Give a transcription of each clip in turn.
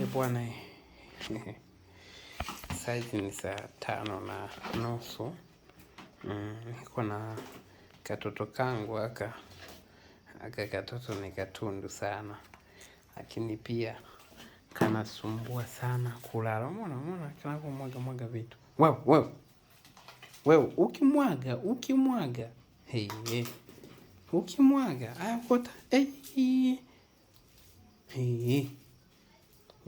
E bwana, eh, saizi ni saa tano na nusu. Mm, niko na katoto kangu aka aka katoto ni katundu sana, lakini pia kanasumbua sana kulala. Umeona, umeona kanako mwaga mwaga vitu wewe wewe wewe, ukimwaga ukimwaga, hey, hey. ukimwaga ayakota hey. hey.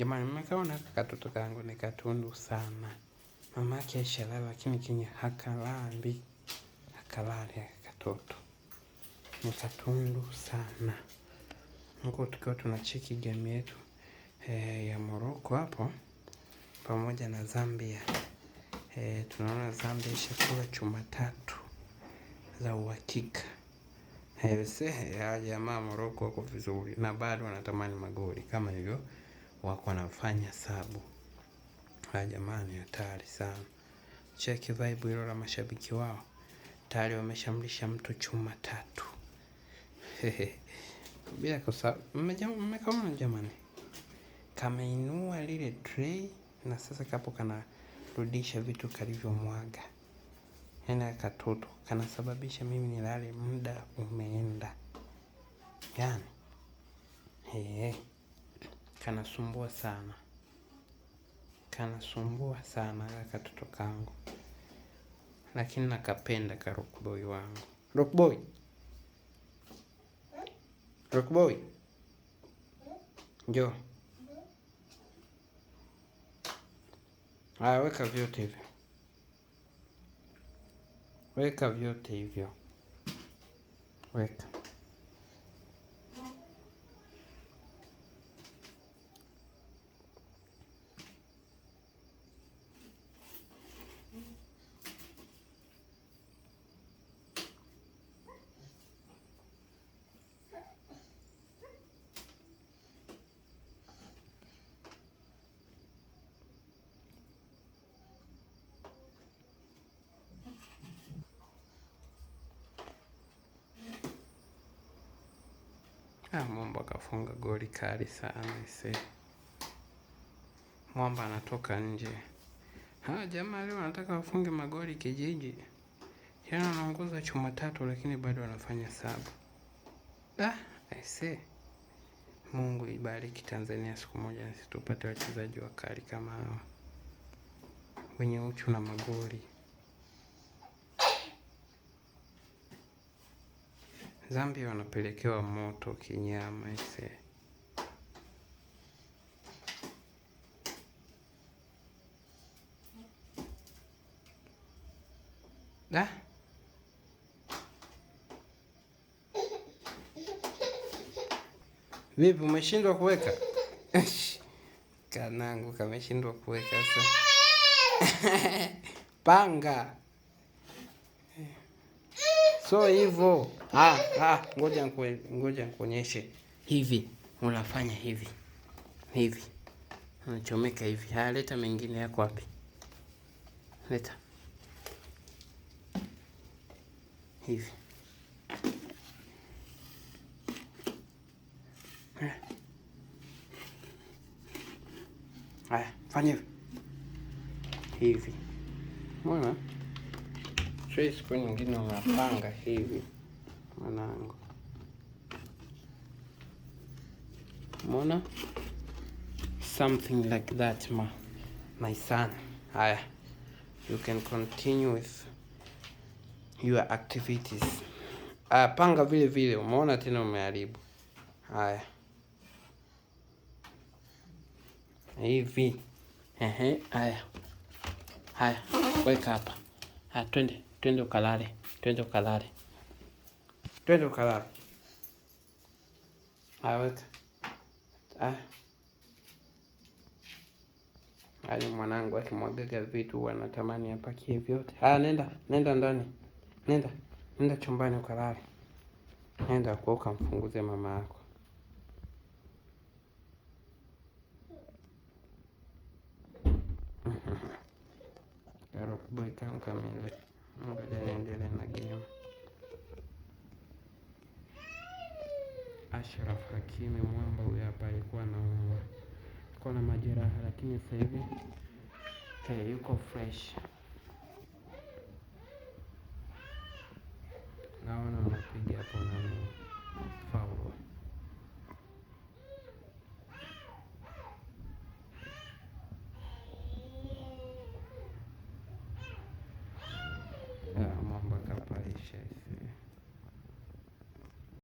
Jamani, mmekaona katoto kangu ni katundu sana. Mama yake aishalala, lakini kenye hakalambi hakalali katoto ni katundu sana. Huko tukiwa tunacheki game yetu e, ya Morocco hapo pamoja na Zambia e, tunaona Zambia ishakula chuma tatu za uhakika. Eh, ah, jamaa Morocco wako vizuri na bado wanatamani magoli kama hivyo wako wanafanya sabu. Haya jamani, hatari sana. Cheki vibe hilo la mashabiki wao, tayari wameshamlisha mtu chuma tatu bila kosa. Mmekaona jamani, kameinua lile tray na sasa kapo kanarudisha vitu kalivyomwaga, ena yaani akatoto kanasababisha mimi nilale, muda umeenda yani. Hey, hey kanasumbua sana, kanasumbua sana katoto kangu, lakini nakapenda ka Rockboy wangu. Rockboy, Rockboy, njoo. aya weka vyote hivyo, weka vyote hivyo, weka Ah, mwamba akafunga goli kali sana ise. Mwamba anatoka nje. Ha, jamaa leo anataka wafunge magoli kijiji. yana anaongoza chuma tatu lakini bado anafanya saba. Da, see. Mungu ibariki Tanzania, siku moja sisi tupate wachezaji wakali kama hao wenye uchu na magoli. Zambia wanapelekewa moto kinyama ise. Da? Vipi umeshindwa kuweka? Kanangu kameshindwa kuweka sasa. Panga. So hivyo ha, ha, ngoja ngoja nikuonyeshe. Hivi unafanya hivi hivi, unachomeka hivi. Haya, leta mengine yako wapi? Leta hivi Haya, fanya hivi hivi, mbona trace kwa nyingine unapanga hivi mwanangu. Umeona? Something like that ma, my son. Haya, you can continue with your activities. Haya, ah, panga vile vile. Umeona tena umeharibu. Haya hivi, ehe. Haya haya, weka hapa. Haya, twende twende ukalale, twende ukalale. Twende ukalala. Aweka hali mwanangu akimwagaga vitu wanatamani apakie vyote. Haya, nenda nenda ndani, nenda nenda chumbani ukalale, nenda kwa ukamfunguze mama yako. Karokubwa itamkamili. Ngoja niendelee na game. Ashraf Hakimi mwamba huyo hapa alikuwa anaumwa, alikuwa na majeraha, lakini sasa hivi hey, eh, yuko fresh. Naona anapiga hapo nani faulu ah, mwamba kapaisha